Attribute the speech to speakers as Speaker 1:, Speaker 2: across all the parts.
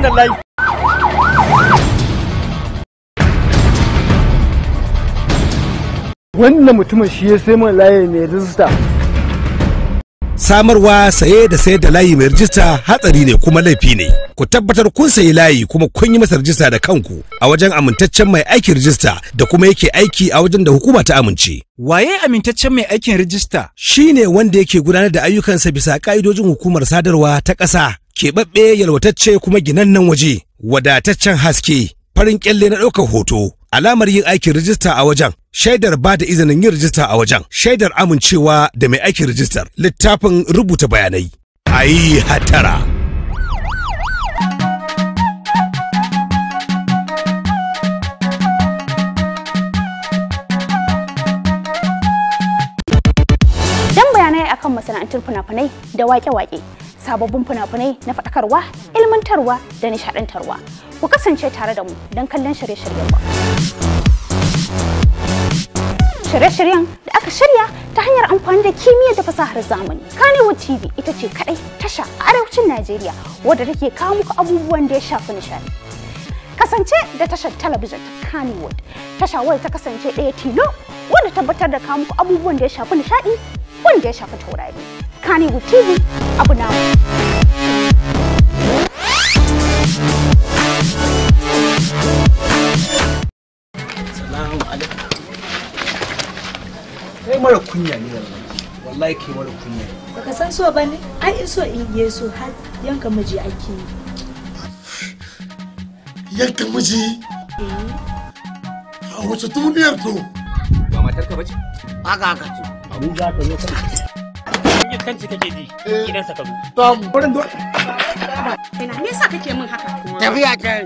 Speaker 1: wannan layi
Speaker 2: wannan mutumin shi ya sai mana layi mai rijista samarwa saye da sayar da layi mai rijista hatsari ne kuma laifi ne ku tabbatar kun sayi layi kuma kun yi masa rijista da kanku a wajen amintaccen mai aikin rijista da kuma yake aiki a wajen da hukuma ta amince waye amintaccen mai aikin rijista ne wanda yake gudanar da ayyukansa bisa ƙa'idojin hukumar sadarwa ta ƙasa keɓaɓɓe yalwatacce kuma ginannen waje wadataccen haske farin kyalle na ɗaukar hoto alamar yin aikin rijista a wajen shaidar ba da izinin yin rijista a wajen shaidar amincewa da mai aikin rijistar littafin rubuta bayanai a yi hatara
Speaker 3: Don bayanai akan masana'antar fina-finai da wake-wake sababbin fina-finai na faɗakarwa, ilmantarwa da nishaɗantarwa. Ku kasance tare da mu don kallon shirye-shiryen ba. Shirye-shiryen da aka shirya ta hanyar amfani da kimiyyar da fasahar zamani. Kanewood TV ita ce kaɗai tasha a arewacin Najeriya wadda take kawo muku abubuwan da ya shafi nishaɗi. Kasance da tashar talabijin ta Kanewood, tasha wadda ta kasance ɗaya tilo wadda tabbatar da kawo muku abubuwan da ya shafi nishaɗi wanda ya shafi taurari. Kanewu TV abu na
Speaker 2: Kai mara kunya ne wallahi kai mara kunya.
Speaker 3: ka san so bane? Ai in so in yi so har yanka miji ake yi.
Speaker 4: Yanka miji? Eh. A wace duniyar to? ni za ka zo kan kake ji eh. gidansa to barin me
Speaker 5: yasa
Speaker 3: kake min haka
Speaker 4: tafiya kai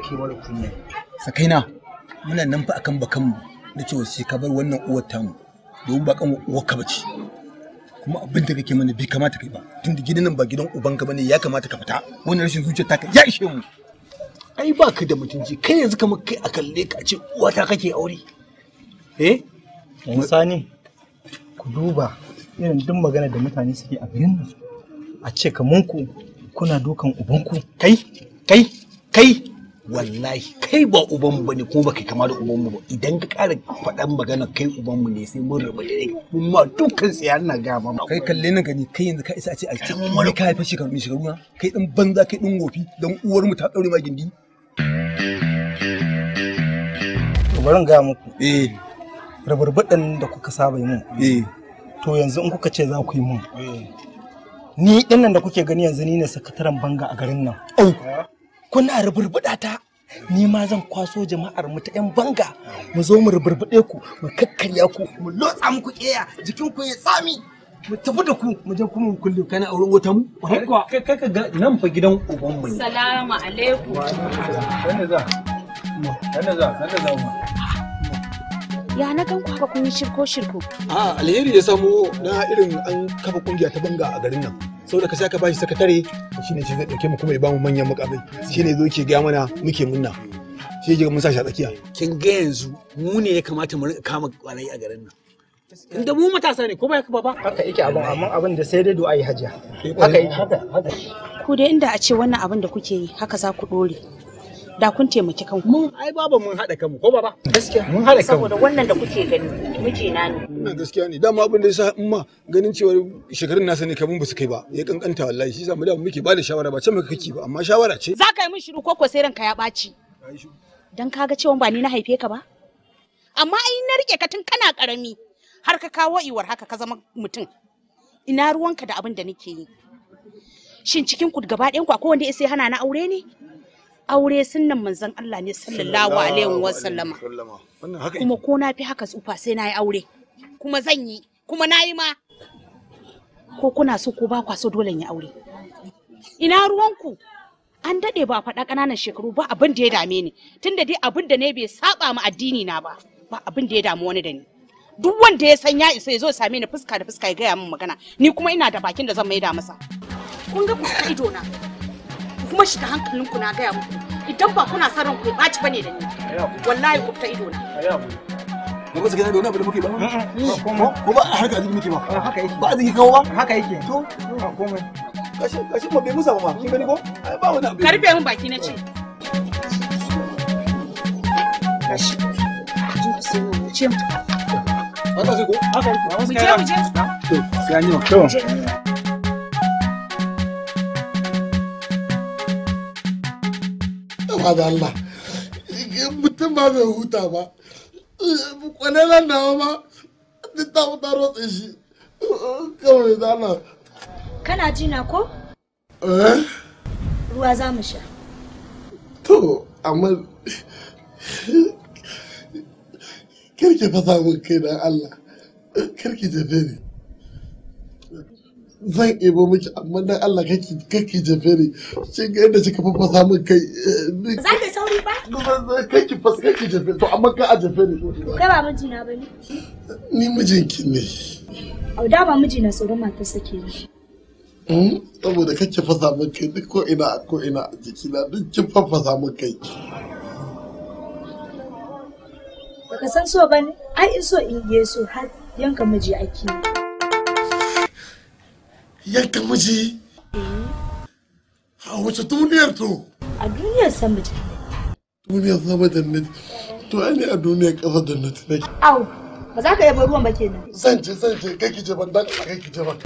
Speaker 2: wallahi wani kunya sakaina muna nan fa akan bakan mu da cewa shi ka bar wannan uwar tamu domin bakan kan uwar ka bace kuma abin da kake mana bai kamata kai ba tunda gidan nan ba gidan ka bane ya kamata ka fita wannan rashin ta taka ya ishe mu ai ba ka da mutunci kai yanzu kamar kai a kalle ka ce ta kake aure eh yan sani
Speaker 1: ku duba irin duk magana da mutane suke a nan a ce ku kuna dukan ubanku kai kai
Speaker 2: kai wallahi kai ba ubanmu ba ne kuma baka kama da ubanmu ba idan ka ƙara faɗan magana kai ubanmu ne sai mun rabu da mun ma dukkan tsaya na ga ma kai kalle na gani kai yanzu ka isa a ce a ce mun ka haifa ka mai shiga ruwa kai din banza kai din gofi dan uwar mu ta daure ma gindi bari ga muku eh
Speaker 1: rabarbaɗan da kuka saba yi mun eh to yanzu in kuka ce za ku yi mun eh. ni nan da kuke gani yanzu ni ne sakataren banga a garin nan kuna ruburbuɗa ta ni ma zan kwaso jama'ar mu ta yan banga mu zo mu ruburbuɗe ku
Speaker 2: mu kakkarya ku mu lotsa muku keya jikin ku ya tsami mu tafi da ku mu je kuma kullum kana auren wata mu kai ka ga nan fa gidan uban mu
Speaker 3: salamu alaikum
Speaker 2: sanda za sanda za sanda za mu
Speaker 3: ya na gan ku haka kun yi shirko shirko
Speaker 2: a ah, alheri ya samu na irin an kafa kungiya ta banga a garin nan saboda ka sai ka bashi sakatare shi ne shi zai dauke mu kuma ya bamu manyan mukamai ne zo ke ga mana muke munna shi ke mun sa shi a tsakiya kin ga yanzu mu ne ya kamata mu rinka kama kwanai a garin nan inda mu matasa ne ko ba haka ba haka yake abin amma abin da sai dai du'a yi hajiya eh, haka haka haka
Speaker 3: ku dai inda a ce wannan abin da kuke yi haka za ku dore da kun taimaki kanku mun
Speaker 2: ai baba mun hada kanmu ko baba gaskiya mun hada kanmu saboda wannan da
Speaker 3: kuke gani miji na ne
Speaker 2: ina gaskiya ne dama abin da ya sa in ma ganin cewa shekarun nasa ne kamun su kai ba ya kankanta wallahi shi yasa mu da muke ba da shawara ba can muka kake ba amma shawara ce za
Speaker 3: ka yi min shiru ko ko sai ranka ya ɓaci dan ga cewa ba ni na haife ka ba amma ai na rike ka tun kana karami har ka kawo iwar haka ka zama mutum ina ruwanka da abin da nake yi shin cikin ku gaba ɗayan ku akwai wanda ya sai hana na aure ne aure sunan manzon Allah ne sallallahu alaihi wa sallama, kuma ko na fi haka tsufa sai na yi aure kuma zan yi kuma na yi ma ko kuna so ko ba kwa so dole yi aure ina ruwanku an daɗe ba faɗa ƙananan shekaru ba abin da ya dame ni tunda dai abin da ne bai saba ma addini na ba ba abin da ya damu wani da ni duk wanda ya san ya isa ya zo same ni fuska da fuska ya gaya min magana ni kuma ina da bakin da zan maida masa kun ga ku ido na kuma shiga hankalinku na gaya muku idan ba kuna son ranku ya ɓaci bane da ni wallahi ku ta ido na
Speaker 2: ba ba su gina da wani da muke ba ko ba a harka azumi muke ba haka yake ba azumi kawo ba haka yake to komai kashi kashi ma bai musa ba ma kin gani ko ba wani abu karfe mun baki na ce kashi kin ku sai mu ce mu ba ta sai ko haka yake ba wasu kai
Speaker 5: to sai an yi
Speaker 2: to
Speaker 4: huta da Allah mutum ba bai huta ba kwananan nawa ma duk ta huta rotse shi kawai da Allah
Speaker 3: kana jina ko? eh ruwa za mu sha
Speaker 2: to amma kirki fasa mun kai da Allah kirki tafe ne zan ebo miki amma dan Allah kake kake jefe shin ga yadda kika fafasa min kai eh, za ka sauri ba kake fas kake jefe to amma ka a jefe ni da
Speaker 3: ba mijina bane ni
Speaker 2: mijinki ne
Speaker 3: au da ba mijina sauran matar sake ni
Speaker 2: hmm? saboda kake fasa min kai duk ko ina ko ina a jikina duk kin fafasa min kai baka san so bane ai
Speaker 3: in so in yeso so har yanka miji ake yi
Speaker 2: yanka miji a wace duniyar to a duniyar san miji duniyar sama jannati to ai ne a duniyar ƙasa jannati nake au ba za ka yaba ruwan ba kenan zan je zan ce kai ki je ban dan kai ki je ban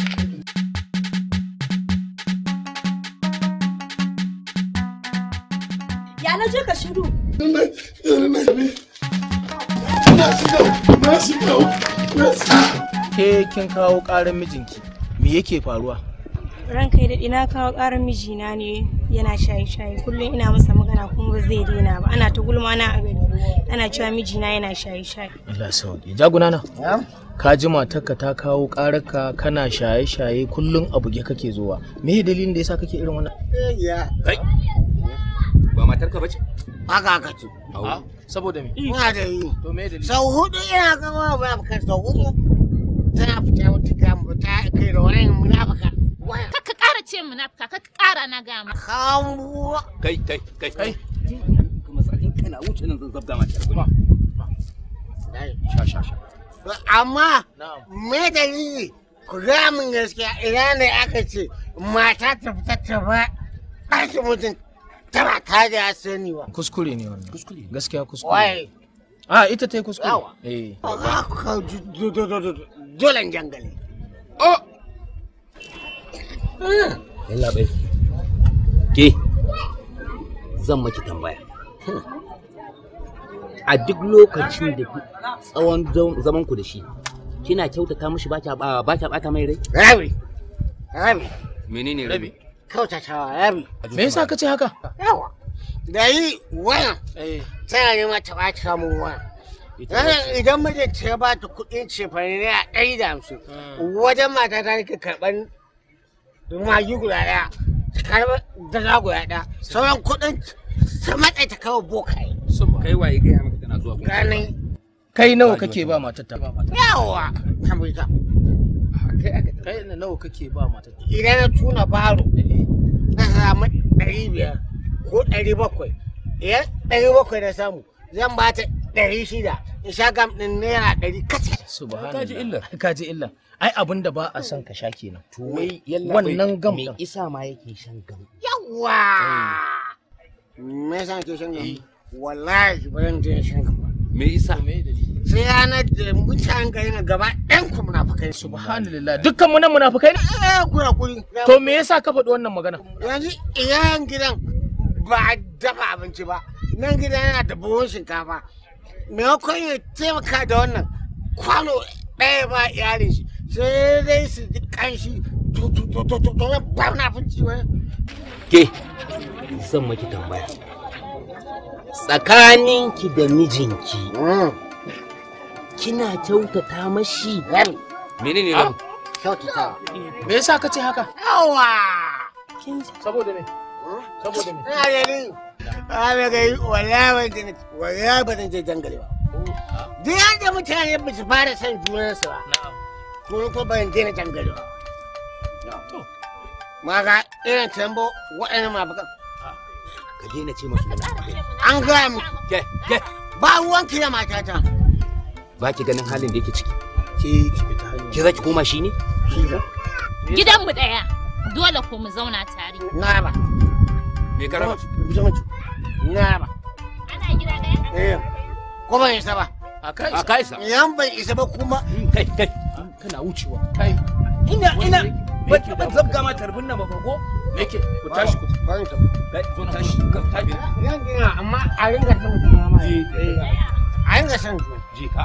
Speaker 3: ya na je ka shiru
Speaker 2: na shiga na shiga na shiga ke kin kawo ƙarin mijinki me yake faruwa
Speaker 3: ranka da ina kawo ƙarar mijina ne yana shaye-shaye kullum ina masa magana kuma ba zai daina ba ana ta gulma na a ana cewa mijina yana shaye-shaye
Speaker 5: Allah sauki
Speaker 4: jaguna na ka ji matarka ta kawo ƙararka kana shaye-shaye kullum a buge kake zuwa me dalilin da yasa kake irin wannan eh, ba matarka bace haka haka ce ah. saboda me ina da yi to me dalilin sau hudu ina gama ba ka sau hudu tana fita ta kai da wani munafika kakka ƙara ce munafika kakka ƙara na gama kamuwa kai kai kai kai kuma
Speaker 5: tsakin kana wuce nan zan zabga mata ruwa sha sha sha
Speaker 4: amma me dalili ku min gaskiya ina ne aka ce mata ta fita ta ba ɗakin mutum ta ba ta da sani ba kuskure ne wannan kuskure gaskiya kuskure a ita ta yi kuskure eh dole jangale
Speaker 5: Yallaɓai. Ke, zan maki tambaya. A duk lokacin da tsawon
Speaker 4: zaman ku da shi, kina kyautata mishi ba ta bata mai rai? Rabi. Rabi.
Speaker 5: Menene rabi?
Speaker 4: Kyautatawa rabi. Me yasa ka ce haka? Yawa. Da yi waya. Eh. Tana neman ta bata mu waya. Eh, idan mijinta ya ba ta kuɗin cefane ne a ɗari da hamsin, hmm. wajen mata ta nake karɓar magi guda ɗaya karɓar dala guda ɗaya sauran kuɗin ta matsa ta kawo bokaye kai waye maka tana zuwa kai nawa kake ba matar ta yawa tambayi kai nawa kake ba matar ta idan na tuna baro na samu ɗari biyar ko ɗari bakwai idan ɗari bakwai na samu zan ba ta ɗari shida in sha gam ɗin naira ɗari kace. Kaji illa. Kaji illa. Ai abin da ba a son ka sha kenan. To wannan gam ɗin. Me isa ma yake shan gam. Yawwa. Me yasa yake shan gam? Eh. Wallahi ba zan je shan gam. Me isa? sai ranar da mutanen gari na gaba ɗan ku munafukai. Subhanallah dukkan mu nan munafukai ne? Eh kura kuri. To me yasa ka faɗi wannan magana? Yanzu iyayen gidan ba a dafa abinci ba. Nan gidan yana da buhun shinkafa, maimakon ya taimaka da wannan kwano ɗaya ba iyalin shi sai dai su ji kanshi tututututu ba na fici wai ke son maki tambaya tsakaninki da mijinki hmm. kina kyautata mashi menene ah. ne kyautata me yasa ka ce haka yawa saboda ne saboda me hmm? Ba ga yi wallahi wallahi ba zan je jangali ba. Duk yadda mutane ba su fara son junansu ba. To ko ban daina jangali ba. Ma ga irin tambo waɗannan mafakan. Ah. Ka daina ce masu An gaya mu. Ba ruwanki da matata. Ba ki ganin halin da yake ciki. Ki za ki koma shi ne? mu ɗaya.
Speaker 3: Dole ko mu zauna tare.
Speaker 4: Na ba. me ka raba na ba ana gida ɗaya eh ko ban isa ba a kai a kai sa yan ban isa ba kuma hmm, kai kai kana wucewa kai ina ina ban zabga ma tarbin nan ba ko yake ku tashi ku ku tashi ku tashi amma a ringa san juna ma eh. a ringa san juna jika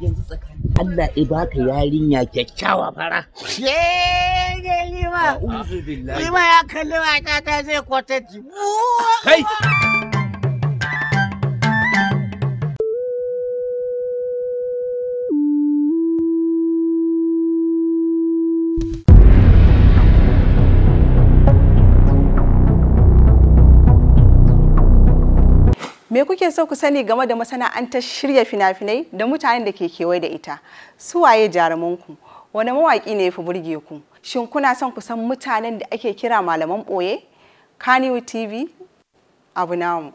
Speaker 4: yanzu tsakani Allah ya baka yarinya kyakkyawa fara shege ni ma uzu billahi ya kalli mata ta zai kwatati kai
Speaker 6: kuke so ku sani game da masana'antar shirya fina-finai da mutanen da ke kewaye da ita? Su waye jarumanku? wani mawaƙi ne ya fi burge ku? Shin kuna son ku san mutanen da ake kira malaman ɓoye? Kaniwu TV, abu namu.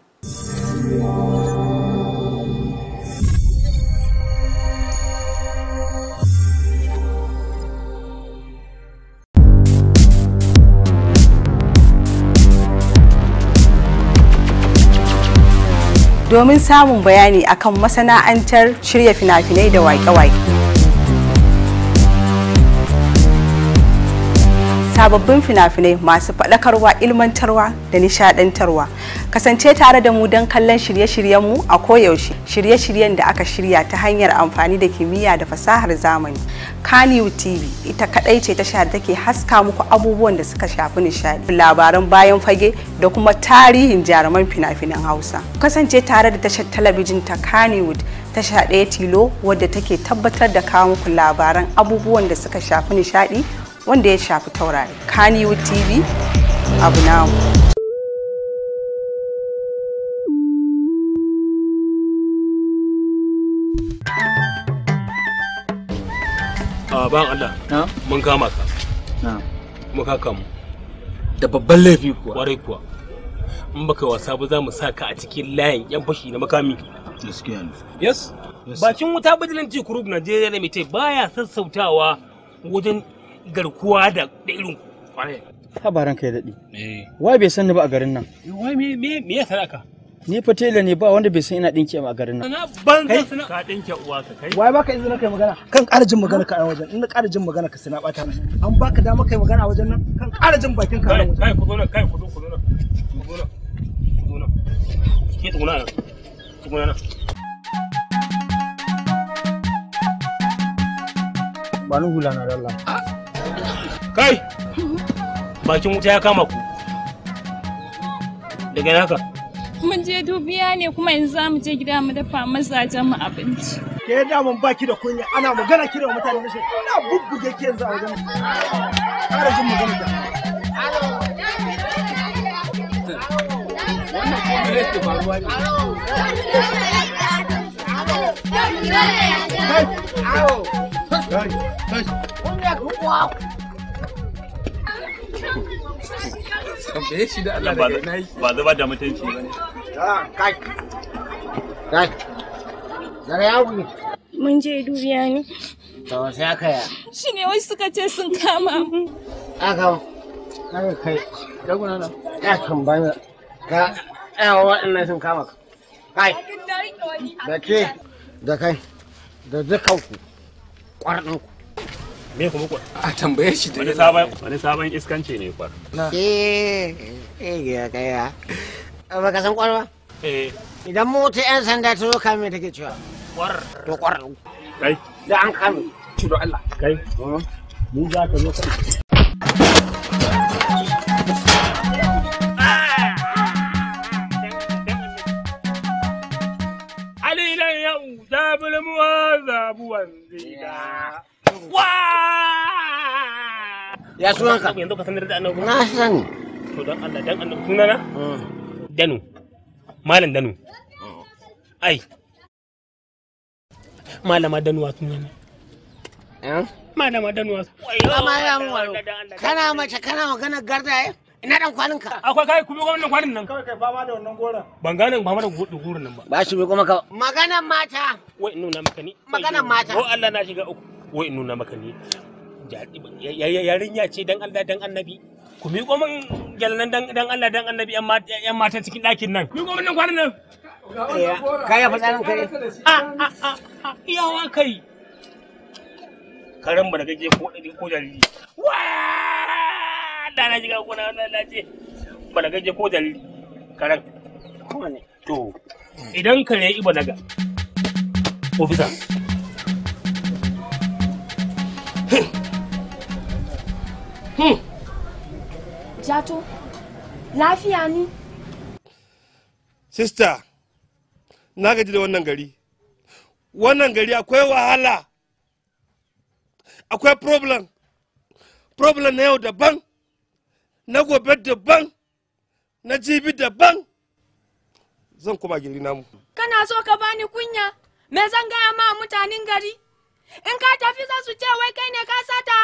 Speaker 6: domin samun bayani akan masana'antar shirya fina-finai da waƙe-waƙe. sababbin fina-finai masu faɗakarwa ilmantarwa da nishaɗantarwa kasance tare da mu don kallon shirye-shiryenmu a koyaushe shirye-shiryen da aka shirya ta hanyar amfani da kimiyya da fasahar zamani kaniyu tv ita kaɗai ce tasha da take haska muku abubuwan da suka shafi nishaɗi labaran bayan fage da kuma tarihin jaruman fina-finan hausa kasance tare da tashar talabijin ta kaniwood tasha ɗaya tilo wadda take tabbatar da kawo muku labaran abubuwan da suka shafi nishaɗi wanda ya shafi taurari Kannywood TV abu namu.
Speaker 5: a ah, ban Allah mun kama ka kuma ka kamu da babban laifi kuwa kwarai kuwa in baka wasa ba za mu sa ka a cikin layin yan fashi na makami yes bakin wuta bajilanci kurub Najeriya ne mai baya sassautawa wajen garkuwa da irin kwarai
Speaker 1: Ka kai daɗi Wa bai san ni ba a garin nan
Speaker 5: eh, wai me me ni
Speaker 1: fa tela ne ba wanda bai san ina dinki a garin nan ban
Speaker 5: ka ɗinke uwa ka kai wai
Speaker 1: baka izina kai magana kan ƙara jin magana ka a wajen ƙara jin magana ka sana bata an baka dama kai magana a wajen nan kan ƙara jin bakin ka
Speaker 5: hula na Kai! Bakin wuta ya kama ku. Daga naka.
Speaker 6: Mun je dubiya ne kuma yanzu za mu je gida mu dafa jan mu abinci. Ke da mun
Speaker 1: baki da kunya ana magana kira mutane na shi. Ina bubbuge ke yanzu a wajen. kare jin
Speaker 4: magana ta. Wannan kuma ne
Speaker 5: tambaye shi da Allah daga ina yake ba zuba da mutunci ba ne
Speaker 4: kai kai daga yawo ne mun je
Speaker 3: dubiya ne
Speaker 4: to sai aka ya
Speaker 3: shi ne wai suka ce sun kama mu
Speaker 4: aka kai daguna na ya kan ba ka yawa waɗannan sun kama ka kai da ke da kai da dukanku ƙwarɗinku me kuma kuwa a tambaye shi da sabon wani sabon iskanci ne kwar eh eh ya kaya ba ka san kwar ba eh idan mota yan sanda ta zo kame take cewa kwar to kwar kai da an kame shi don Allah kai mu za ka zo kai
Speaker 5: Ali zabuwan zida. ya sunan ka yanzu ka sanar da annabi na sani to dan Allah dan annabi mm. danu malam danu
Speaker 4: mm.
Speaker 5: ai malama danuwa sunana
Speaker 4: malama kana mace kana magana gardaye eh? ina dan kwanin ka akwai kai kuma wannan kwanin nan kai kai fama da wannan goran
Speaker 5: ban gane fama da gurin nan ba ba shi kuma ka
Speaker 4: maganan mata wai nuna maka ni maganan
Speaker 5: mata ko Allah na shiga uku wai nuna maka ne yarinya ce dan Allah dan annabi ku mi min gyalnan dan Allah dan annabi yan mata cikin ɗakin nan mi min nan kwanan nan kaya fitsarin kare a a a iya iyawa kai karen ba da gaje ko ko jariri wa da na ji ga kuna na ce ba da gaje ko jariri ne to idan kare iba daga ofisa
Speaker 1: Jato, lafiya ni? Sista, na gaji da wannan gari. Wannan gari akwai wahala, akwai problem. Problem na yau daban, na gobe daban, na jibi daban. Zan kuma giri namu.
Speaker 3: Kana so ka bani kunya, me zan gaya ma mutanen gari? in ka tafi za su ce wai kai ne ka sata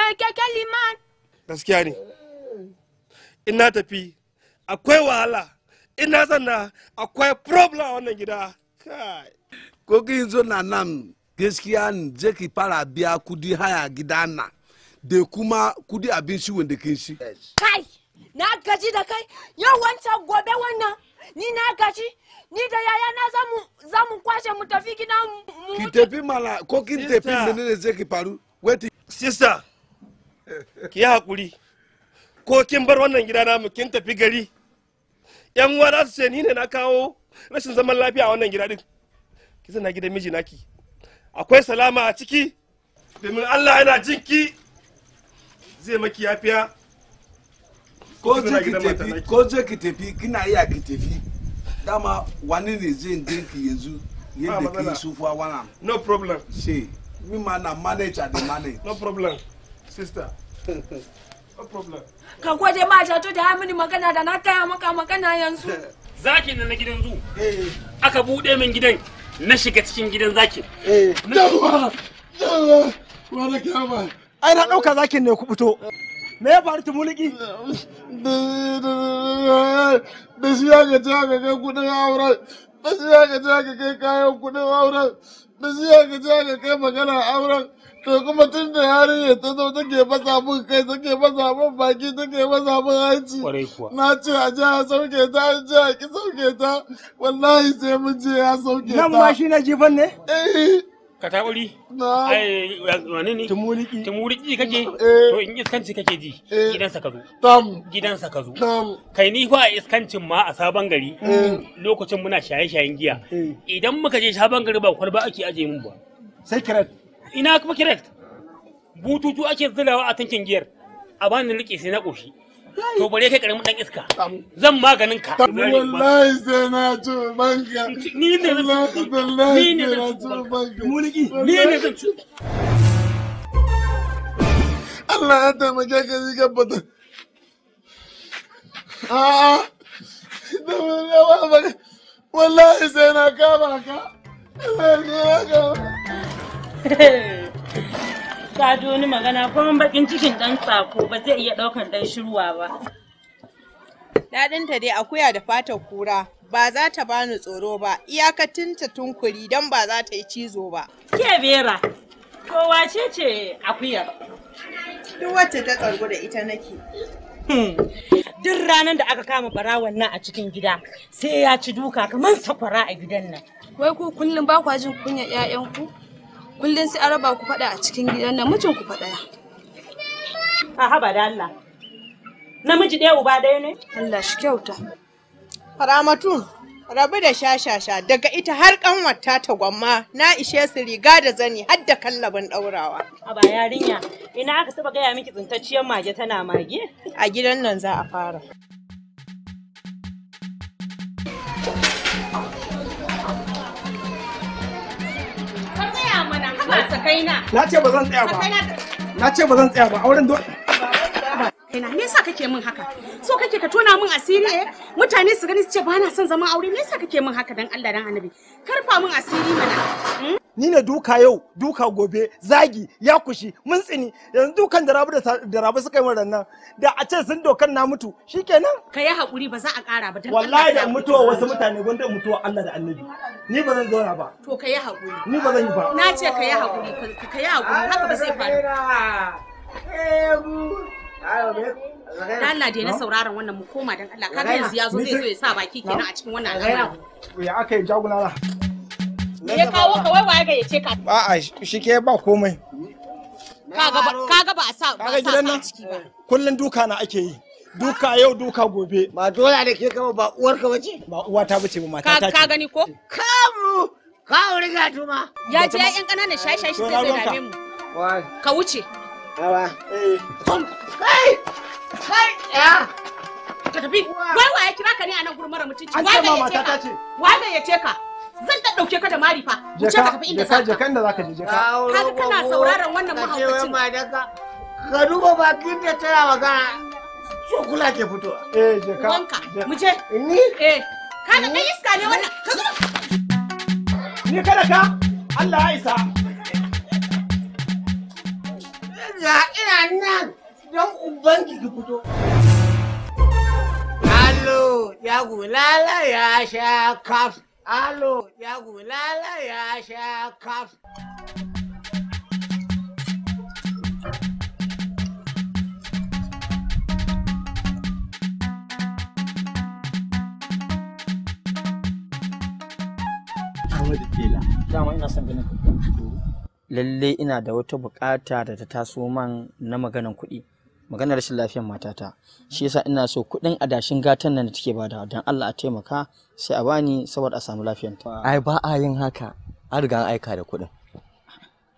Speaker 3: eh, keke liman
Speaker 1: gaskiya ne in na tafi akwai wahala in na zanna
Speaker 2: akwai problem a wannan gida ko kin zo na nan gaskiya ne je ki fara biya kudi haya gida na da kuma kudi abinci wanda kin shi
Speaker 1: kai na gaji da kai yau wancan gobe wannan ni na gaci ni da yaya na zamu zamu kwashe mu tafi
Speaker 2: mu ki tafi mala
Speaker 1: ko kin tafi ne zai ki faru wetin sister ki hakuri ko kin bar wannan gida namu kin tafi gari yan uwa za su ce ni ne na kawo rashin zaman lafiya a wannan gida din ki zana gidan miji naki akwai salama a ciki domin Allah yana jinki zai maki yafiya ko je ki tafi kina iya ki tafi dama wani ne zai dinki yanzu yadda ke sufuwa wana no problem she mi ma na manage at manage no problem sister no
Speaker 5: problem ka gode ma jato da mini magana da na kaya maka magana yanzu zaki na gidan zu eh. aka bude min gidan na shiga cikin gidan zaki. eh dawa
Speaker 1: dawa wani kama ai na dauka zakin ne ku fito me ya
Speaker 4: faru tumuliki da shi ya ce aka kai kudin auren da shi ya ce aka kai kayan kudin auren da shi ya ce aka kai magana auren to kuma tun da yarinya ta zo take fasa mun kai take fasa mun baki take fasa mun hanci na ce a ji a sauke ta a ji a ki sauke ta wallahi sai mun je ya sauke ta nan ma shi na jifan ne eh Katauri
Speaker 5: ai wani ne tumuriki tumuriki kake eh. to in iskanci kake ji eh. gidansa ka zo tam gidansa ka zo kai ni fa a iskancin ma a sabon gari eh. lokacin muna shaye-shayen giya idan muka je sabon gari ba kwalba ake aje mun ba sai kiret ina kuma kiret bututu ake zulawa a tankin giyar a bani rike sai na koshi to bare kai karamin dan iska zan maganin ka wallahi
Speaker 4: sai na ci banka ni ne wallahi ni ne na ci banka mulki ni ne zan ci Allah ya taimake ka ji gabbata a'a wallahi ba wallahi sai na kama ka Allah ya kama
Speaker 5: ka ni magana magana kuma bakin cikin dan sako ba zai iya
Speaker 3: daukar dan shiruwa ba Daɗinta dai akuya da fatar kura ba za ta bani tsoro ba iyakatinta tunkuri dan ba za ta yi cizo ba
Speaker 6: ke bera
Speaker 3: ko wace ce akuyar duk wacce ta tsargo da ita nake hmm. duk ranar da aka kama bara nan a cikin gida sai ya ci duka kamar sakwara a gidan nan wai ku kullum ba kwa jin kunya 'ya'yanku kullum sai an raba ku faɗa a cikin gidan nan ku faɗa a haba da Allah namiji ɗaya uba ɗaya ne Allah shi kyauta Ramatu rabu da shashasha daga ita har kanwata ta gwamma na ishe su riga da zani har da kallabin ɗaurawa a ba yarinya ina aka taɓa gaya miki tsintacciyar mage tana mage a gidan nan za a fara Sakaina.
Speaker 1: Na ce ba zan tsaya ba. Na ce ba zan tsaya ba. Auren dole.
Speaker 3: Kaina, me yasa kake min haka? So kake ka tona min asiri eh? Mutane su gani su ce ba na son zaman aure. Me yasa kake min haka dan Allah dan Annabi? Karfa min asiri mana. Hmm?
Speaker 1: ni ne duka yau duka gobe zagi ya kushi mun tsini yanzu dukan da rabu da rabu suka yi min rannan da a ce sun dokan na mutu shikenan
Speaker 3: ka yi hakuri ba za a ƙara ba wallahi da mutuwa wasu mutane
Speaker 1: gwanda mutuwa Allah da Annabi ni ba zan zauna ba
Speaker 3: to ka yi hakuri ni ba zan yi ba na ce ka yi hakuri ka yi hakuri haka ba zai faru da Allah dai na sauraron wannan mu koma dan Allah kaga yanzu ya zo zai zo ya sa baki kenan a cikin wannan
Speaker 1: al'amari ya aka yi
Speaker 3: ya kawo ka wai waye
Speaker 1: ka ba komai
Speaker 3: kaga ba a sa ba a ciki ba
Speaker 1: kullun duka na ake yi duka yau duka gobe ba dole da ke kama ba uwar ka bace ba uwa ta bace ba mata ta ka
Speaker 3: gani ko kamu ka wuri ga tuma ya ce ya yan kananan shi zai dame mu ka wuce
Speaker 4: Awa. Eh.
Speaker 3: Kai! Kai! Ya! Ka tafi. Wai waye kira ka ne a nan gurmara mutunci? Wai ga ce ka? Wai ga ce ka? zan ta dauke ka da mari fa wuce ka tafi inda zaka
Speaker 1: jakan da zaka je jaka kaga kana sauraron
Speaker 4: wannan mahaukacin ka duba bakin da tana magana shokula ke fitowa eh jaka wanka mu je ni eh kana kai iska ne wannan ka zo ni kada ka Allah ya isa ga ina nan don ubangi ki fito Allo, ya gulala ya sha kafa. Alo ya gulala ya sha kaf.
Speaker 1: Lalle ina da wata bukata da ta taso man na maganan kuɗi. maganar rashin lafiyar matata shi yasa ina so kuɗin adashin gatan nan da take bada don Allah a taimaka sai a bani saboda a samu lafiyar ta ai ba a yin haka an riga an aika da kuɗin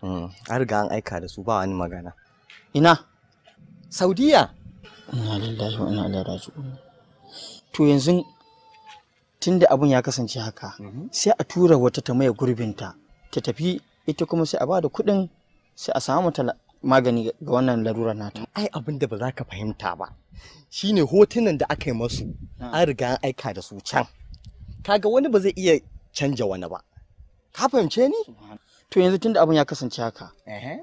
Speaker 1: hmm, an riga an aika da su ba wani magana ina saudiya ina lillahi wa ina ilaihi raji'un to yanzu tunda abun ya kasance haka mhm. sai a tura wata ta mai gurbinta ta tafi ita kuma sai a ba da kuɗin sai a samu magani ga wannan larura nata ai abin da ba za ka fahimta ba shine hotunan da aka yi masu ah. an riga an aika da su can kaga wani ba zai iya canja wani ba ka fahimce ni to yanzu tunda abin ya kasance haka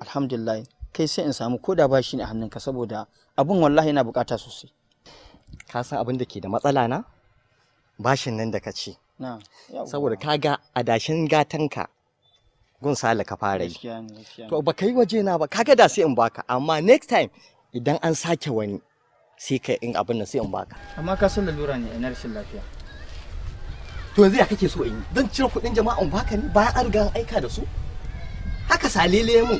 Speaker 1: alhamdulillah kai sai in samu koda ba shi ne a hannunka saboda abin wallahi yana bukata sosai ka san abin da ke da matsala na bashin nan da ka ce saboda kaga adashin gatanka Sale ka fara yi to ba kai yi waje na ba kaga da sai in baka amma next time idan an sake wani sai ka in abin nan sai in baka amma ka san lalura ne ina rashin lafiya to yanzu ya kake so in yi don cire kuɗin jama'a in baka ne bayan an riga an aika da su haka salele mu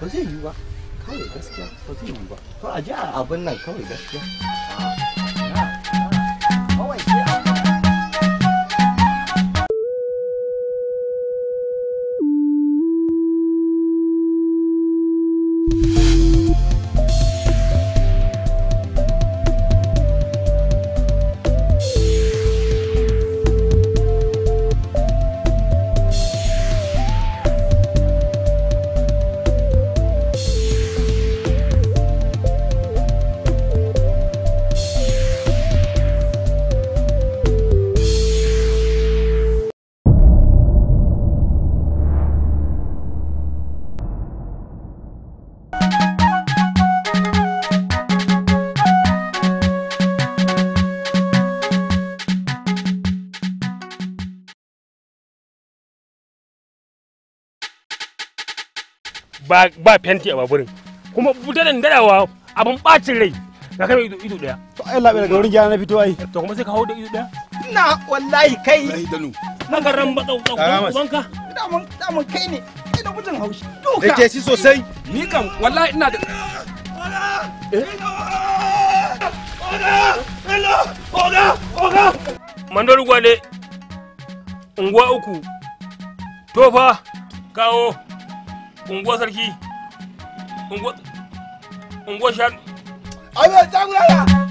Speaker 1: ba zai yi ba kawai gaskiya ba zai yi ba to a ji a abin nan kawai
Speaker 4: gaskiya
Speaker 5: ba fenti a baburin kuma budadan dadawa abin bacin rai ga kai ido ido daya to ai labe daga wurin gyara na fito ai to kuma sai ka hawo da ido daya na wallahi kai wallahi danu na garan ba tsau da mun da mun kai ne
Speaker 1: da mutun haushi duka da ke sosai ni kam wallahi ina da Oga! Eh?
Speaker 5: Hello! Oga! Oga! Mandoru Gwale, unguwa uku, tofa, kawo. unguwa sarki unguwa unguwa shan
Speaker 4: ayo jagorara